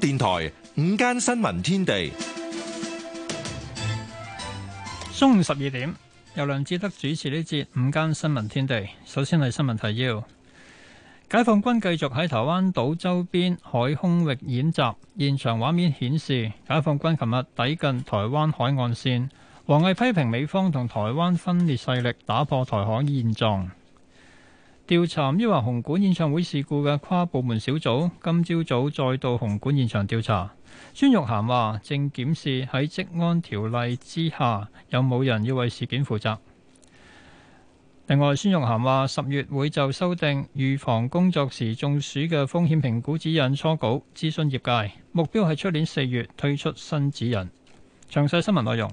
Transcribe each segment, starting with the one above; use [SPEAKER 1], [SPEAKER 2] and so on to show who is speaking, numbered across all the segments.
[SPEAKER 1] 電台午間新聞天
[SPEAKER 2] 地，中午十二點，由梁志德主持呢節午間新聞天地。首先係新聞提要：解放軍繼續喺台灣島周邊海空域演習，現場畫面顯示解放軍琴日抵近台灣海岸線。王毅批評美方同台灣分裂勢力打破台海現狀。調查於華紅館演唱會事故嘅跨部門小組今朝早再到紅館現場調查。孫玉菡話：正檢視喺職安條例之下有冇人要為事件負責。另外，孫玉菡話：十月會就修訂預防工作時中暑嘅風險評估指引初稿諮詢業界，目標係出年四月推出新指引。詳細新聞內容，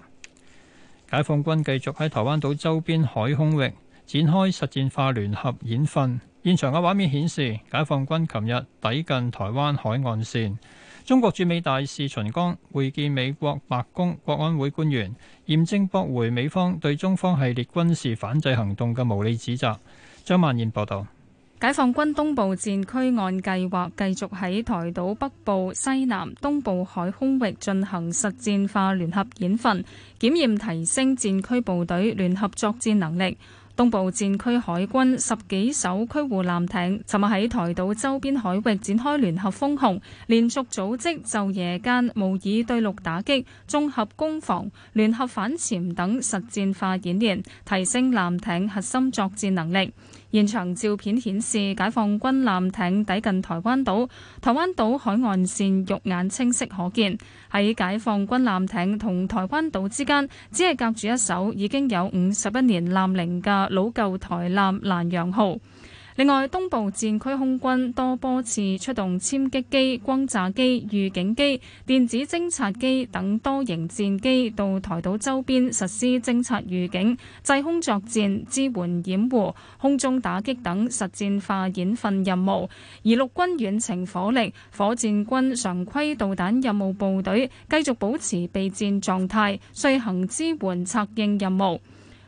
[SPEAKER 2] 解放軍繼續喺台灣島周邊海空域展開實戰化聯合演訓，現場嘅畫面顯示，解放軍琴日抵近台灣海岸線。中國駐美大使秦剛會見美國白宮國安會官員，嚴正駁回美方對中方系列軍事反制行動嘅無理指責。張曼燕報道，
[SPEAKER 3] 解放軍東部戰區按計劃繼續喺台島北部、西南、東部海空域進行實戰化聯合演訓，檢驗提升戰區部隊聯合作戰能力。東部戰區海軍十幾艘驅護艦艇尋日喺台島周邊海域展開聯合封控，連續組織就夜間、模擬對陸打擊、綜合攻防、聯合反潛等實戰化演練，提升艦艇核心作戰能力。現場照片顯示，解放軍艦艇抵近台灣島，台灣島海岸線肉眼清晰可見。喺解放軍艦艇同台灣島之間，只係隔住一艘已經有五十一年艦齡嘅老舊台艦蘭陽號。另外，東部戰區空軍多波次出動殲擊機、轟炸機、預警機、電子偵察機等多型戰機到台島周邊實施偵察預警、制空作戰、支援掩護、空中打擊等實戰化演訓任務；而陸軍遠程火力、火箭軍常規導彈任務部隊繼續保持備戰狀態，遂行支援策應任務。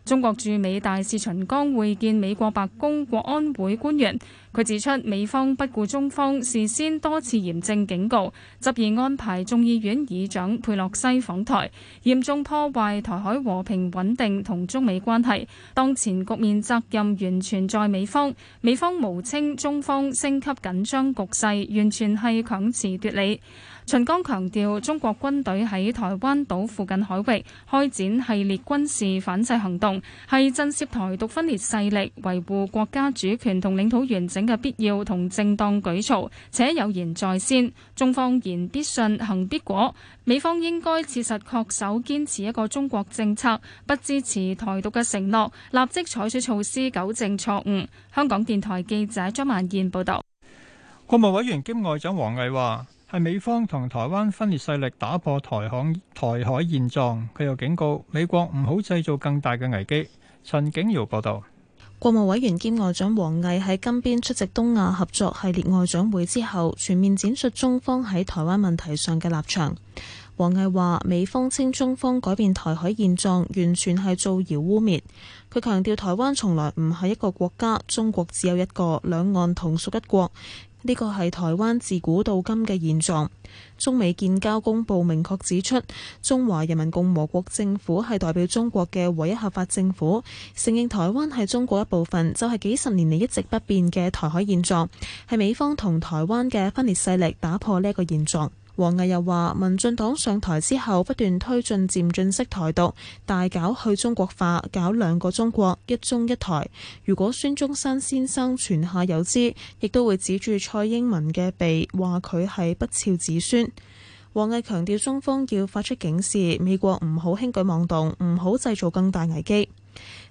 [SPEAKER 3] 中國駐美大使秦剛會見美國白宮國安會官員，佢指出，美方不顧中方事先多次嚴正警告，執意安排眾議院議長佩洛西訪台，嚴重破壞台海和平穩定同中美關係。當前局面責任完全在美方，美方誣稱中方升級緊張局勢，完全係強詞奪理。秦剛強調，中國軍隊喺台灣島附近海域開展系列軍事反制行動，係震懾台獨分裂勢力、維護國家主權同領土完整嘅必要同正當舉措，且有言在先，中方言必信，行必果。美方應該切實恪守堅持一個中國政策，不支持台獨嘅承諾，立即採取措施糾正錯誤。香港電台記者張曼燕報導。
[SPEAKER 2] 國務委員兼外長王毅話。係美方同台灣分裂勢力打破台海台海現狀，佢又警告美國唔好製造更大嘅危機。陳景堯報道，
[SPEAKER 4] 國務委員兼外長王毅喺金邊出席東亞合作系列外長會之後，全面展述中方喺台灣問題上嘅立場。王毅話，美方稱中方改變台海現狀完全係造謠污衊。佢強調，強調台灣從來唔係一個國家，中國只有一個，兩岸同屬一國，呢、這個係台灣自古到今嘅現狀。中美建交公佈明確指出，中華人民共和國政府係代表中國嘅唯一合法政府，承認台灣係中國一部分，就係、是、幾十年嚟一直不變嘅台海現狀，係美方同台灣嘅分裂勢力打破呢一個現狀。王毅又話：民進黨上台之後，不斷推進漸進式台獨，大搞去中國化，搞兩個中國，一中一台。如果孫中山先生泉下有知，亦都會指住蔡英文嘅鼻，話佢係不肖子孫。王毅強調，中方要發出警示，美國唔好輕舉妄動，唔好製造更大危機。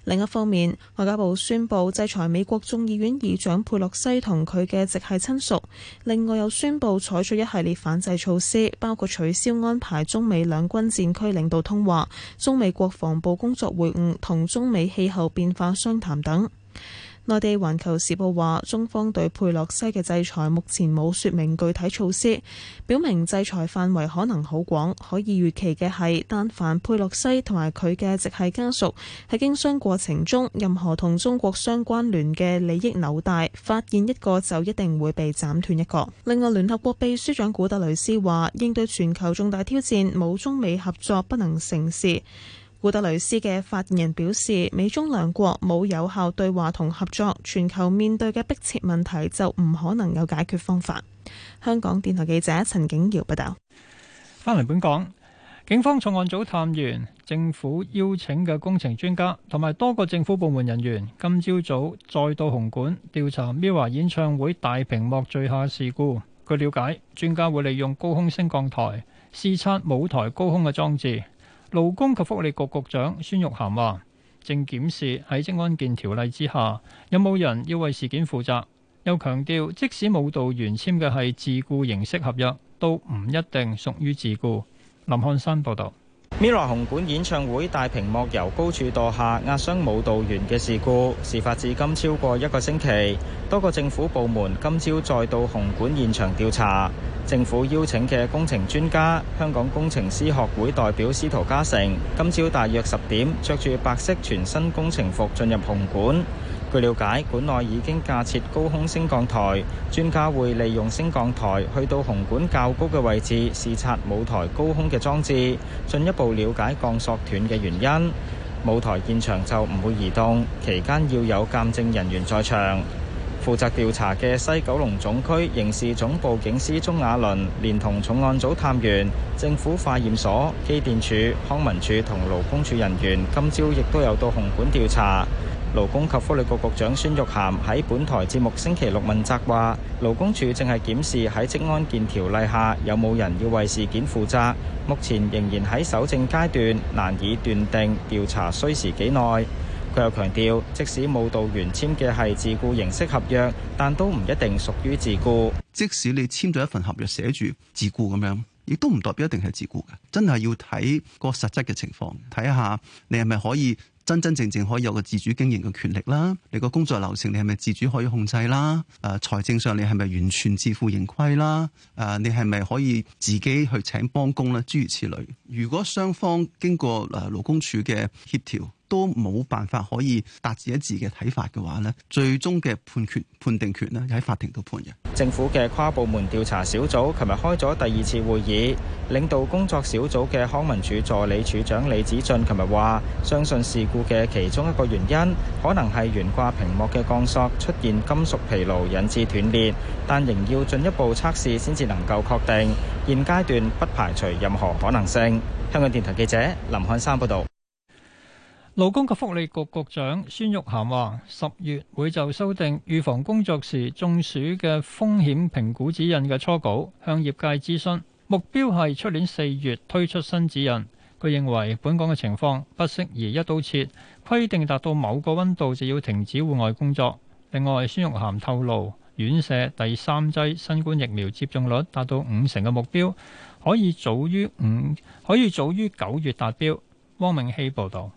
[SPEAKER 4] 另一方面，外交部宣布制裁美國眾議院議長佩洛西同佢嘅直系親屬，另外又宣布採取一系列反制措施，包括取消安排中美兩軍戰區領導通話、中美國防部工作會晤、同中美氣候變化商談等。內地《環球時報》話，中方對佩洛西嘅制裁目前冇説明具體措施，表明制裁範圍可能好廣。可以預期嘅係，但凡佩洛西同埋佢嘅直系家屬喺經商過程中，任何同中國相關聯嘅利益紐帶，發現一個就一定會被斬斷一個。另外，聯合國秘書長古特雷斯話，應對全球重大挑戰，冇中美合作不能成事。古德特雷斯嘅發言人表示，美中兩國冇有，有效對話同合作，全球面對嘅迫切問題就唔可能有解決方法。香港電台記者陳景瑤報道。
[SPEAKER 2] 翻嚟本港，警方重案組探員、政府邀請嘅工程專家同埋多個政府部門人員，今朝早，早再到紅館調查 MIRROR 演唱會大屏幕墜下事故。據了解，專家會利用高空升降台視察舞台高空嘅裝置。勞工及福利局局長孫玉菡話：正檢視喺職安建條例之下，有冇人要為事件負責。又強調，即使舞蹈員簽嘅係自雇形式合約，都唔一定屬於自雇。林漢山報道。
[SPEAKER 5] MIRROR 紅館演唱會大屏幕由高處墮下壓傷舞蹈員嘅事故，事發至今超過一個星期，多個政府部門今朝再到紅館現場調查。政府邀請嘅工程專家、香港工程師學會代表司徒家成，今朝大約十點着住白色全新工程服進入紅館。據了解，館內已經架設高空升降台，專家會利用升降台去到紅館較高嘅位置，視察舞台高空嘅裝置，進一步了解鋼索斷嘅原因。舞台現場就唔會移動，期間要有鑑證人員在場。負責調查嘅西九龍總區刑事總部警司鍾雅倫，連同重案組探員、政府化驗所、機電署、康文署同勞工處人員，今朝亦都有到紅館調查。勞工及福利局局長孫玉菡喺本台節目星期六問責話，勞工處正係檢視喺職安健條例下有冇人要為事件負責。目前仍然喺搜證階段，難以斷定調查需時幾耐。佢又強調，即使舞蹈員簽嘅係自雇形式合約，但都唔一定屬於自
[SPEAKER 6] 雇。即使你簽咗一份合約，寫住自雇咁樣，亦都唔代表一定係自雇嘅。真係要睇個實質嘅情況，睇下你係咪可以。真真正正可以有個自主經營嘅權力啦，你個工作流程你係咪自主可以控制啦？誒、啊，財政上你係咪完全自負盈虧啦？誒、啊，你係咪可以自己去請幫工啦？諸如此類。如果雙方經過誒勞工處嘅協調，都冇辦法可以達至一致嘅睇法嘅話咧，最終嘅判決判定權咧喺法庭度判嘅。
[SPEAKER 5] 政府嘅跨部門調查小組琴日開咗第二次會議，領導工作小組嘅康文署助理署長李子俊琴日話，相信事故嘅其中一個原因可能係懸掛屏幕嘅鋼索出現金屬疲勞引致斷裂，但仍要進一步測試先至能夠確定。現階段不排除任何可能性。香港電台記者林漢山報道。
[SPEAKER 2] 勞工及福利局局長孫玉菡話：十月會就修訂預防工作時中暑嘅風險評估指引嘅初稿向業界諮詢，目標係出年四月推出新指引。佢認為本港嘅情況不適宜一刀切，規定達到某個溫度就要停止戶外工作。另外，孫玉菡透露，院舍第三劑新冠疫苗接種率達到五成嘅目標，可以早於五可以早於九月達標。汪明希報道。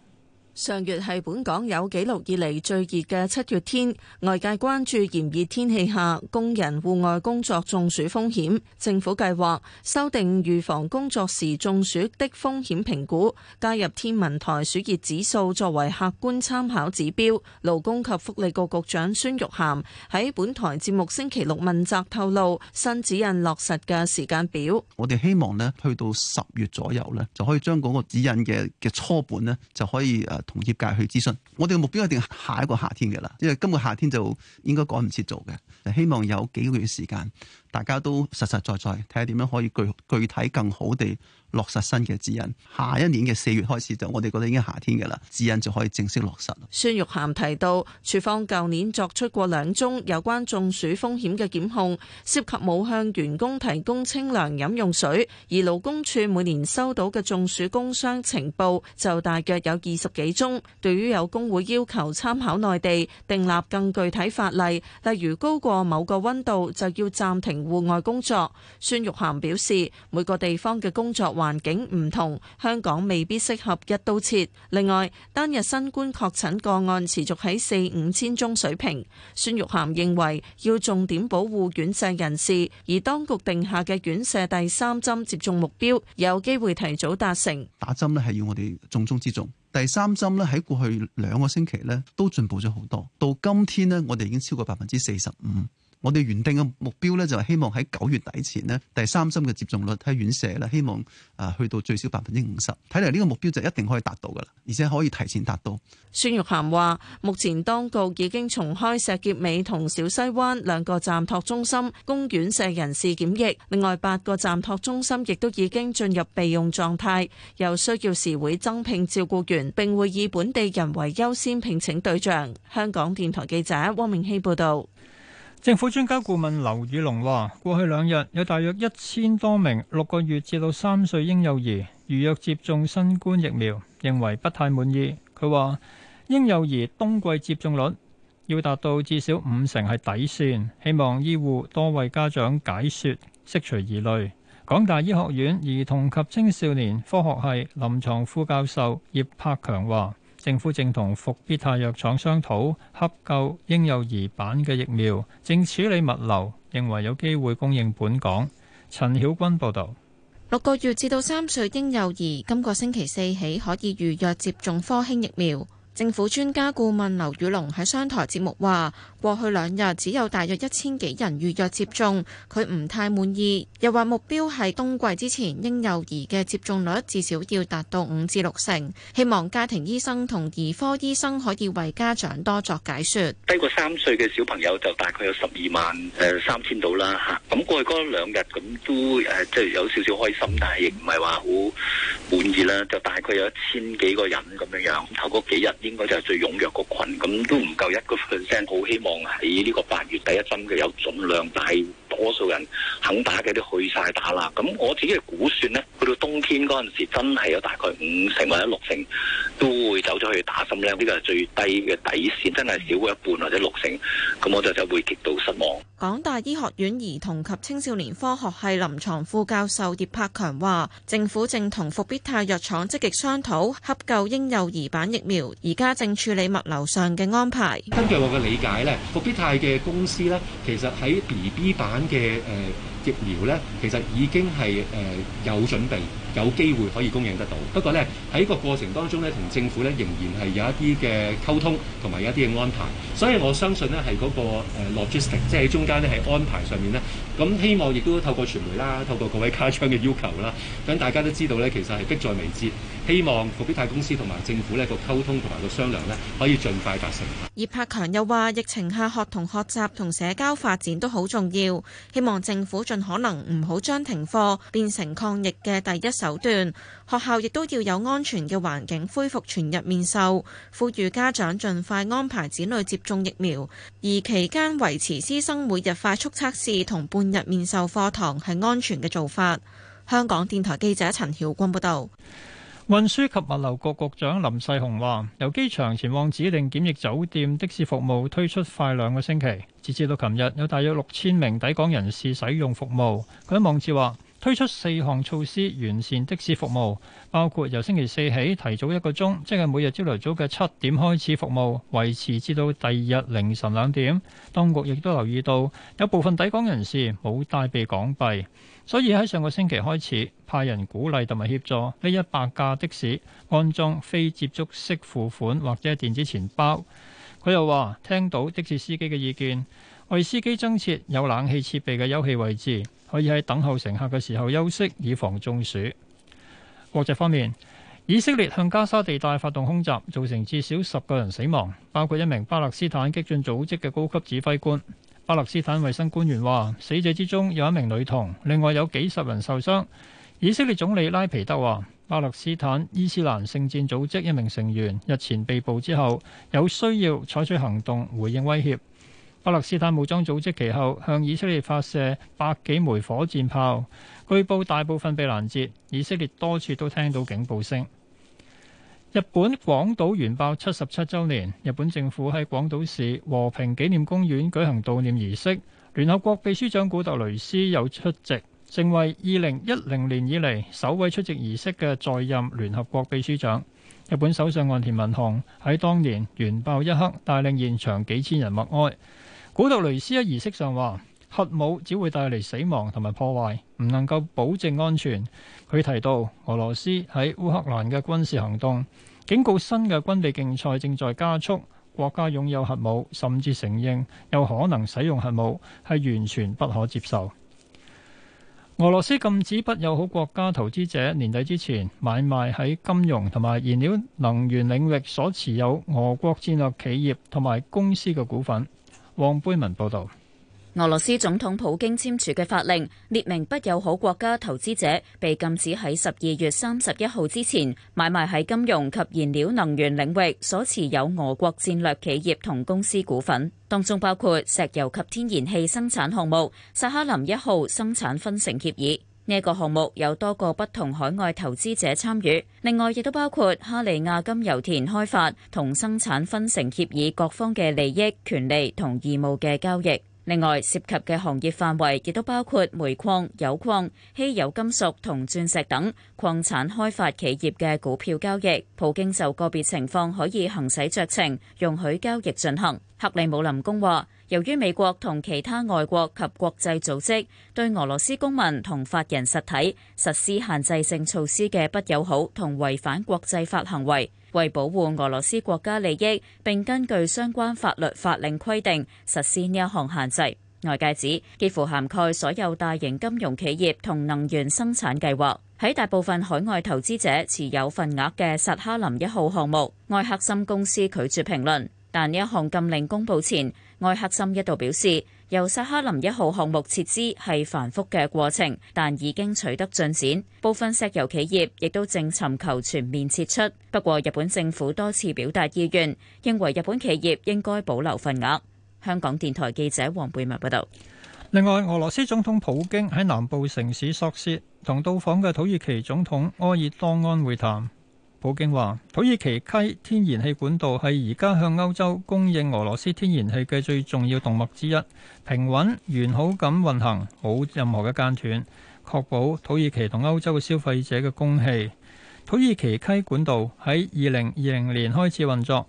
[SPEAKER 7] 上月係本港有紀錄以嚟最熱嘅七月天，外界關注炎熱天氣下工人戶外工作中暑風險。政府計劃修訂預防工作時中暑的風險評估，加入天文台暑熱指數作為客觀參考指標。勞工及福利局局長孫玉菡喺本台節目星期六問責透露，新指引落實嘅時間表。
[SPEAKER 6] 我哋希望呢，去到十月左右呢，就可以將嗰個指引嘅嘅初本呢，就可以誒。同業界去諮詢，我哋嘅目標一定係下一個夏天嘅啦，因為今個夏天就應該趕唔切做嘅，就希望有幾個月時間。大家都實實在在睇下點樣可以具具體更好地落實新嘅指引。下一年嘅四月開始就我哋覺得已經夏天㗎啦，指引就可以正式落實。
[SPEAKER 7] 孫玉菡提到，處方舊年作出過兩宗有關中暑風險嘅檢控，涉及冇向員工提供清涼飲用水。而勞工處每年收到嘅中暑工傷情報就大約有二十幾宗。對於有工會要求參考內地訂立更具體法例，例如高過某個温度就要暫停。戶外工作，孫玉菡表示，每個地方嘅工作環境唔同，香港未必適合一刀切。另外，單日新冠確診個案持續喺四五千宗水平。孫玉菡認為，要重點保護院舍人士，而當局定下嘅院舍第三針接種目標，有機會提早達成。
[SPEAKER 6] 打針呢係要我哋重中之重，第三針呢喺過去兩個星期呢都進步咗好多，到今天呢我哋已經超過百分之四十五。我哋原定嘅目標呢，就係希望喺九月底前呢，第三針嘅接種率喺院舍啦，希望啊去到最少百分之五十。睇嚟呢個目標就一定可以達到㗎喇，而且可以提前達到。
[SPEAKER 7] 孫玉涵話：目前當局已經重開石硤尾同小西灣兩個站托中心供院舍人士檢疫，另外八個站托中心亦都已經進入備用狀態，有需要時會增聘照顧員，並會以本地人為優先聘請對象。香港電台記者汪明希報導。
[SPEAKER 2] 政府專家顧問劉宇隆話：過去兩日有大約一千多名六個月至到三歲嬰幼兒預約接種新冠疫苗，認為不太滿意。佢話：嬰幼兒冬季接種率要達到至少五成係底線，希望醫護多為家長解説，釋除疑慮。港大醫學院兒童及青少年科學系臨床副教授葉柏強話。政府正同復必泰藥廠商討洽購嬰幼兒版嘅疫苗，正處理物流，認為有機會供應本港。陳曉君報導，
[SPEAKER 8] 六個月至到三歲嬰幼兒今個星期四起可以預約接種科興疫苗。政府專家顧問劉宇龍喺商台節目話：過去兩日只有大約一千幾人預約接種，佢唔太滿意。又話目標係冬季之前嬰幼兒嘅接種率至少要達到五至六成，希望家庭醫生同兒科醫生可以為家長多作解說。
[SPEAKER 2] 低過三歲嘅小朋友就大概有十二萬，誒三千度啦嚇，咁過去嗰兩日咁，都誒，即係有少少開心，但係亦唔係話好滿意啦。就大概有一千幾個人咁樣樣，頭嗰幾日。應該就係最踴躍個群，
[SPEAKER 1] 咁都唔夠一個 percent。好希望喺呢個八月第一針嘅有總量，但係。
[SPEAKER 2] 多數人肯打嘅都去晒打啦，咁我自己嘅估算咧，去到冬天嗰陣時，
[SPEAKER 6] 真係有大概五成或者六成都會走咗去打針咧。呢個係最低嘅底線，真係少過一半或者六成，咁我就就會極度失望。
[SPEAKER 8] 港大醫學院兒童及青少年科學系臨床副教授葉柏強話，政府正同復必泰藥廠積極商討洽購嬰幼兒版疫苗，而家正處理物流上嘅安排。根據
[SPEAKER 1] 我嘅理解咧，復必泰嘅公司咧，其實喺 BB 版。嘅誒疫苗咧，其實已經係誒、呃、有準備，有機會可以供應得到。不過咧，喺個過程當中咧，同政府咧仍然係有一啲嘅溝通，同埋有一啲嘅安排。所以我相信咧，係嗰、那個、呃、logistics，即係中間咧係安排上面咧。咁希望亦都透過傳媒啦，透過各位家長嘅要求啦，咁大家都知道咧，其實係迫在眉睫。希望復必泰公司同埋政府呢個溝通同埋個商量呢，可以盡快達成。
[SPEAKER 8] 葉柏強又話疫情下學童學習同社交發展都好重要，希望政府盡可能唔好將停課變成抗疫嘅第一手段。學校亦都要有安全嘅環境，恢復全日面授。呼籲家長盡快安排子女接種疫苗，而期間維持師生每日快速測試同半日面授課堂係安全嘅做法。香港電台記者陳曉君報道。
[SPEAKER 2] 運輸及物流局局長林世雄話，由機場前往指定檢疫酒店的士服務推出快兩個星期，截至到琴日有大約六千名抵港人士使用服務。佢喺網誌話，推出四項措施完善的士服務，包括由星期四起提早一個鐘，即係每日朝頭早嘅七點開始服務，維持至到第二日凌晨兩點。當局亦都留意到有部分抵港人士冇帶備港幣。所以喺上個星期開始，派人鼓勵同埋協助呢一百架的士安裝非接觸式付款或者電子錢包。佢又話聽到的士司機嘅意見，為司機增設有冷氣設備嘅休憩位置，可以喺等候乘客嘅時候休息，以防中暑。國際方面，以色列向加沙地帶發動空襲，造成至少十個人死亡，包括一名巴勒斯坦激進組織嘅高級指揮官。巴勒斯坦衛生官員話，死者之中有一名女童，另外有幾十人受傷。以色列總理拉皮德話，巴勒斯坦伊斯蘭聖戰組織一名成員日前被捕之後，有需要採取行動回應威脅。巴勒斯坦武裝組織其後向以色列發射百幾枚火箭炮，據報大部分被攔截。以色列多處都聽到警報聲。日本廣島原爆七十七周年，日本政府喺廣島市和平紀念公園舉行悼念儀式，聯合國秘書長古特雷斯又出席，成為二零一零年以嚟首位出席儀式嘅在任聯合國秘書長。日本首相岸田文雄喺當年原爆一刻，帶領現場幾千人默哀。古特雷斯喺儀式上話。核武只會帶嚟死亡同埋破壞，唔能夠保證安全。佢提到，俄羅斯喺烏克蘭嘅軍事行動警告新嘅軍備競賽正在加速。國家擁有核武，甚至承認有可能使用核武，係完全不可接受。俄羅斯禁止不友好國家投資者年底之前買賣喺金融同埋燃料能源領域所持有俄國戰略企業同埋公司嘅股份。黃貝文報導。
[SPEAKER 9] 俄羅斯總統普京簽署嘅法令列明，不友好國家投資者被禁止喺十二月三十一號之前買賣喺金融及燃料能源領域所持有俄國戰略企業同公司股份，當中包括石油及天然氣生產項目薩哈林一號生產分成協議。呢、這個項目有多個不同海外投資者參與，另外亦都包括哈利亞金油田開發同生產分成協議各方嘅利益、權利同義務嘅交易。另外涉及嘅行業範圍亦都包括煤礦、油礦、稀有金屬同鑽石等礦產開發企業嘅股票交易。普京就個別情況可以行使酌情容許交易進行。克里姆林宮話，由於美國同其他外國及國際組織對俄羅斯公民同法人實體實施限制性措施嘅不友好同違反國際法行為，為保護俄羅斯國家利益，並根據相關法律法令規定實施呢一項限制，外界指幾乎涵蓋所有大型金融企業同能源生產計劃。喺大部分海外投資者持有份額嘅薩哈林一號項目，埃克森公司拒絕評論。但呢一項禁令公布前，埃克森一度表示。由薩哈林一號項目撤資係繁複嘅過程，但已經取得進展。部分石油企業亦都正尋求全面撤出，不過日本政府多次表達意願，認為日本企業應該保留份額。香港電台記者黃貝文報道。
[SPEAKER 2] 另外，俄羅斯總統普京喺南部城市索契同到訪嘅土耳其總統阿爾多安會談。普京話：土耳其溪天然氣管道係而家向歐洲供應俄羅斯天然氣嘅最重要動脈之一，平穩完好咁運行，冇任何嘅間斷，確保土耳其同歐洲嘅消費者嘅供氣。土耳其溪管道喺二零二零年開始運作，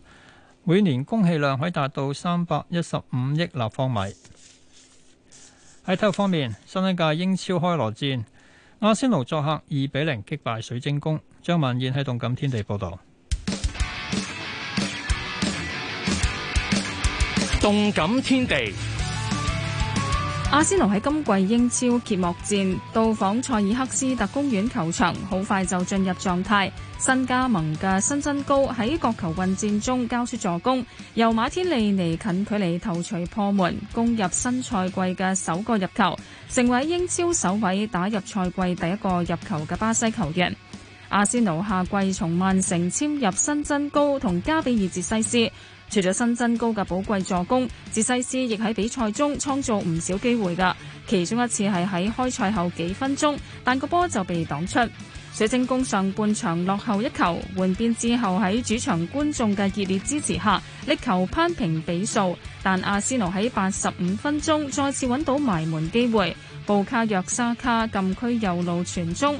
[SPEAKER 2] 每年供氣量可以達到三百一十五億立方米。喺體育方面，新一屆英超開鑼戰，阿仙奴作客二比零擊敗水晶宮。張文燕喺動感天地報道。
[SPEAKER 1] 動感天地，阿仙奴喺今季
[SPEAKER 3] 英超揭幕戰到訪塞爾克斯特公園球場，好快就進入狀態。新加盟嘅新增高喺角球混戰中交出助攻，由馬天利尼近距離頭錘破門，攻入新賽季嘅首個入球，成為英超首位打入賽季第一個入球嘅巴西球員。阿仙奴下季從曼城簽入新增高同加比爾捷西斯，除咗新增高嘅寶貴助攻，捷西斯亦喺比賽中創造唔少機會嘅。其中一次係喺開賽後幾分鐘，但個波就被擋出。水晶宮上半場落後一球，換邊之後喺主場觀眾嘅熱烈支持下，力求攀平比數。但阿仙奴喺八十五分鐘再次揾到埋門機會，布卡約沙卡禁區右路傳中。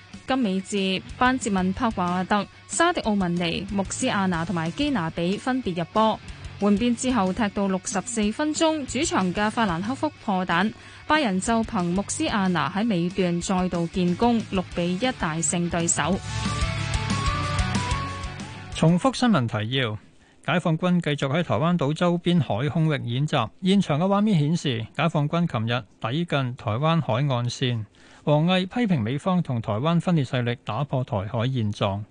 [SPEAKER 3] 金美智、班哲文、柏瓦特、沙迪奧文尼、穆斯亞拿同埋基拿比分別入波。換邊之後踢到六十四分鐘，主場嘅法蘭克福破蛋，拜仁就憑穆斯亞拿喺尾段再度建功，六比一大勝對手。
[SPEAKER 2] 重複新聞提要：解放軍繼續喺台灣島周邊海空域演習，現場嘅畫面顯示，解放軍琴日抵近台灣海岸線。王毅批評美方同台灣分裂勢力打破台海現狀。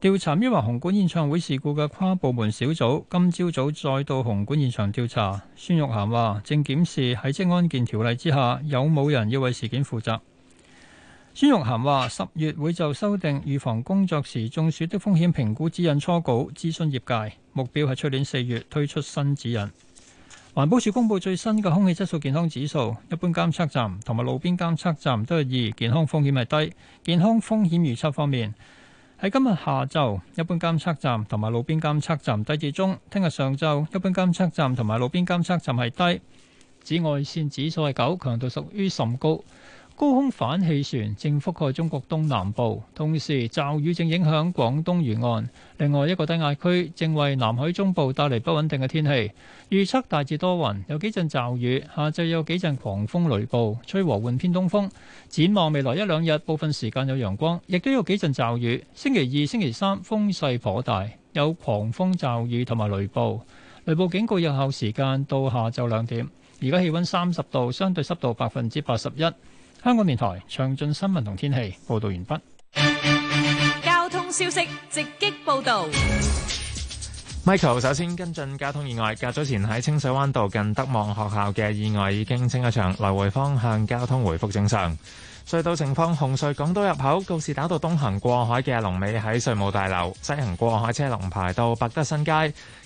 [SPEAKER 2] 調查於華紅館演唱會事故嘅跨部門小組今朝早，早再到紅館現場調查。孫玉菡話：正檢視喺職安健條例之下，有冇人要為事件負責。孫玉菡話：十月會就修訂預防工作時中暑的風險評估指引初稿諮詢業界，目標係出年四月推出新指引。環保署公布最新嘅空氣質素健康指數，一般監測站同埋路邊監測站都係二，健康風險係低。健康風險預測方面，喺今日下晝，一般監測站同埋路邊監測站低至中；聽日上晝，一般監測站同埋路邊監測站係低。紫外線指數係九，強度屬於甚高。高空反氣旋正覆蓋中國東南部，同時驟雨正影響廣東沿岸。另外一個低壓區正為南海中部帶嚟不穩定嘅天氣。預測大致多雲，有幾陣驟雨。下晝有幾陣狂風雷暴，吹和緩偏東風。展望未來一兩日，部分時間有陽光，亦都有幾陣驟雨。星期二、星期三風勢頗大，有狂風驟雨同埋雷暴。雷暴警告有效時間到下晝兩點。而家氣温三十度，相對濕度百分之八十一。香港電台詳盡新聞同天氣報道完畢。
[SPEAKER 7] 交通消息直擊報道。
[SPEAKER 1] Michael 首先跟進交通意外，較早前喺清水灣道近德望學校嘅意外已經清一場，來回方向交通回復正常。隧道情況：紅隧港島入口告士打道東行過海嘅龍尾喺稅務大樓；西行過海車龍排到百德新街。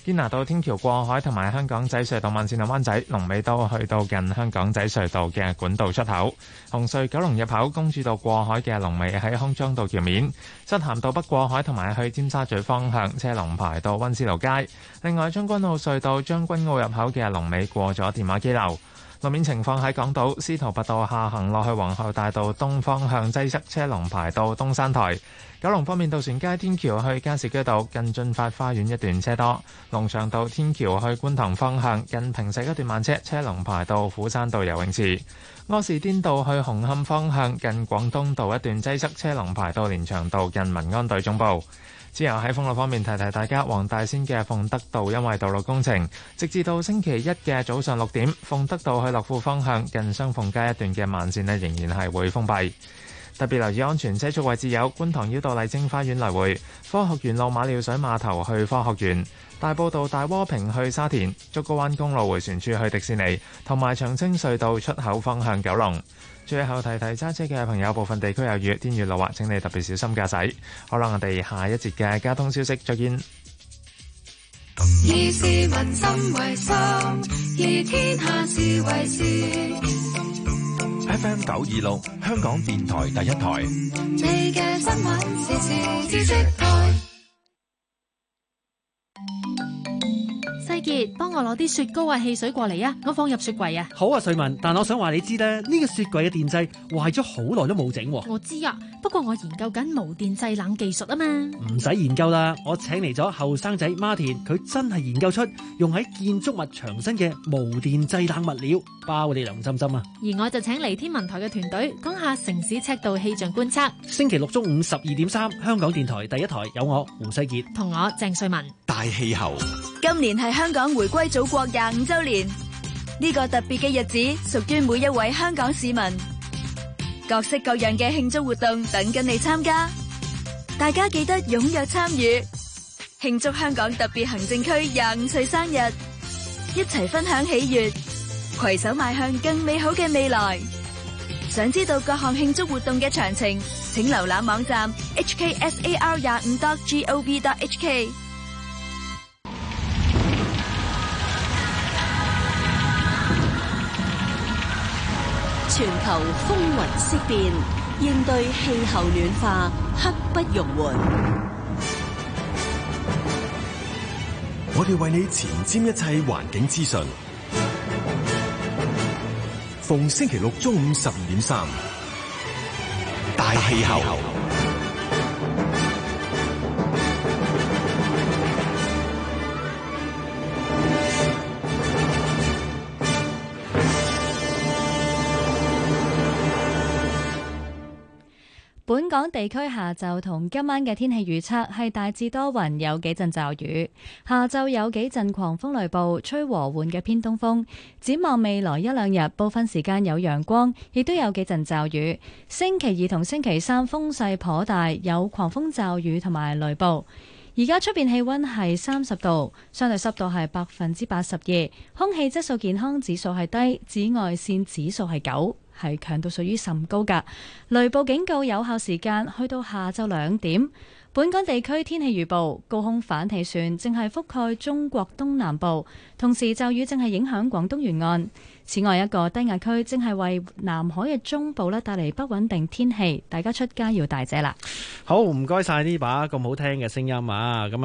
[SPEAKER 1] 堅拿道天橋過海同埋香港仔隧道慢線同灣仔龍尾都去到近香港仔隧道嘅管道出口。紅隧九龍入口公主道過海嘅龍尾喺康莊道橋面。漆咸道北過海同埋去尖沙咀方向車龍排到溫思勞街。另外，將軍澳隧道，隧道將軍澳入口嘅龍尾過咗電話機樓。路面情況喺港島，司徒拔道下行落去皇后大道東方向擠塞，車龍排到東山台；九龍方面，渡船街天橋去加士居道近駿發花園一段車多；龍翔道天橋去觀塘方向近坪石一段慢車，車龍排到斧山道游泳池；柯士甸道去紅磡方向近廣東道一段擠塞，車龍排到連翔道近民安隊總部。之後喺封路方面提提大家，黃大仙嘅鳳德道因為道路工程，直至到星期一嘅早上六點，鳳德道去樂富方向近雙鳳街一段嘅慢線咧，仍然係會封閉。特別留意安全車速位置，有觀塘繞道麗晶花園來回、科學園路馬料水碼頭去科學園、大埔道大窩坪去沙田、竹篙灣公路回旋處去迪士尼，同埋長青隧道出口方向九龍。最後提提揸車嘅朋友，部分地區有雨，天雨路滑，請你特別小心駕駛。好啦，我哋下一節嘅交通消息，再見。
[SPEAKER 8] 以市民心為心，以天下事為事。
[SPEAKER 1] FM 九二六，香港電
[SPEAKER 5] 台第一台。
[SPEAKER 7] 幫我攞啲雪糕啊、汽水過嚟啊，我放入雪櫃啊。
[SPEAKER 6] 好啊，瑞文，但我想話你知咧，呢、這個雪櫃嘅電掣壞咗好耐都冇整、啊。我
[SPEAKER 7] 知啊，不過我研究緊無電制冷技術啊嘛。
[SPEAKER 6] 唔使研究啦，我請嚟咗後生仔馬田，佢真係研究出用喺建築物牆身嘅無電制冷物料，包你涼浸浸啊。
[SPEAKER 7] 而我就請嚟天文台嘅團隊講下城市
[SPEAKER 2] 尺度氣象觀
[SPEAKER 7] 測。
[SPEAKER 6] 星期六中午十二點三，香港電台第一台有我胡世傑
[SPEAKER 2] 同我鄭瑞文大氣候。
[SPEAKER 9] 今年係香。香港回歸祖國廿五週年，呢個特別嘅日子屬於每一位香港市民，各式各樣嘅慶祝活動等緊你參加，大家記得踴躍參與，慶祝香港特別行政區廿五歲生日，一齊分享喜悅，攜手邁向更美好嘅未來。想知道各項慶祝活動嘅詳情，請瀏覽網站 hksar. 廿五 .gov.hk。
[SPEAKER 7] 全球風雲色變，應對氣候暖化刻不容緩。
[SPEAKER 1] 我哋為你前瞻一切環境資訊，逢星期六中午十二點三，
[SPEAKER 6] 大氣候。
[SPEAKER 9] 香港地區下晝同今晚嘅天氣預測係大致多雲，有幾陣驟雨。下晝有幾陣狂風雷暴，吹和緩嘅偏東風。展望未來一兩日，部分時間有陽光，亦都有幾陣驟雨。星期二同星期三風勢頗大，有狂風驟雨同埋雷暴。而家出邊氣溫係三十度，相對濕度係百分之八十二，空氣質素健康指數係低，紫外線指數係九。係強度屬於甚高噶，雷暴警告有效時間去到下晝兩點。本港地區天氣預報，高空反氣旋正係覆蓋中國東南部，同時驟雨正係影響廣東沿岸。此外，一個低壓區正係為南海嘅中部咧帶嚟，不穩定天
[SPEAKER 3] 氣，大家出街要帶遮啦。
[SPEAKER 5] 好，唔該晒呢把咁好聽嘅聲音啊！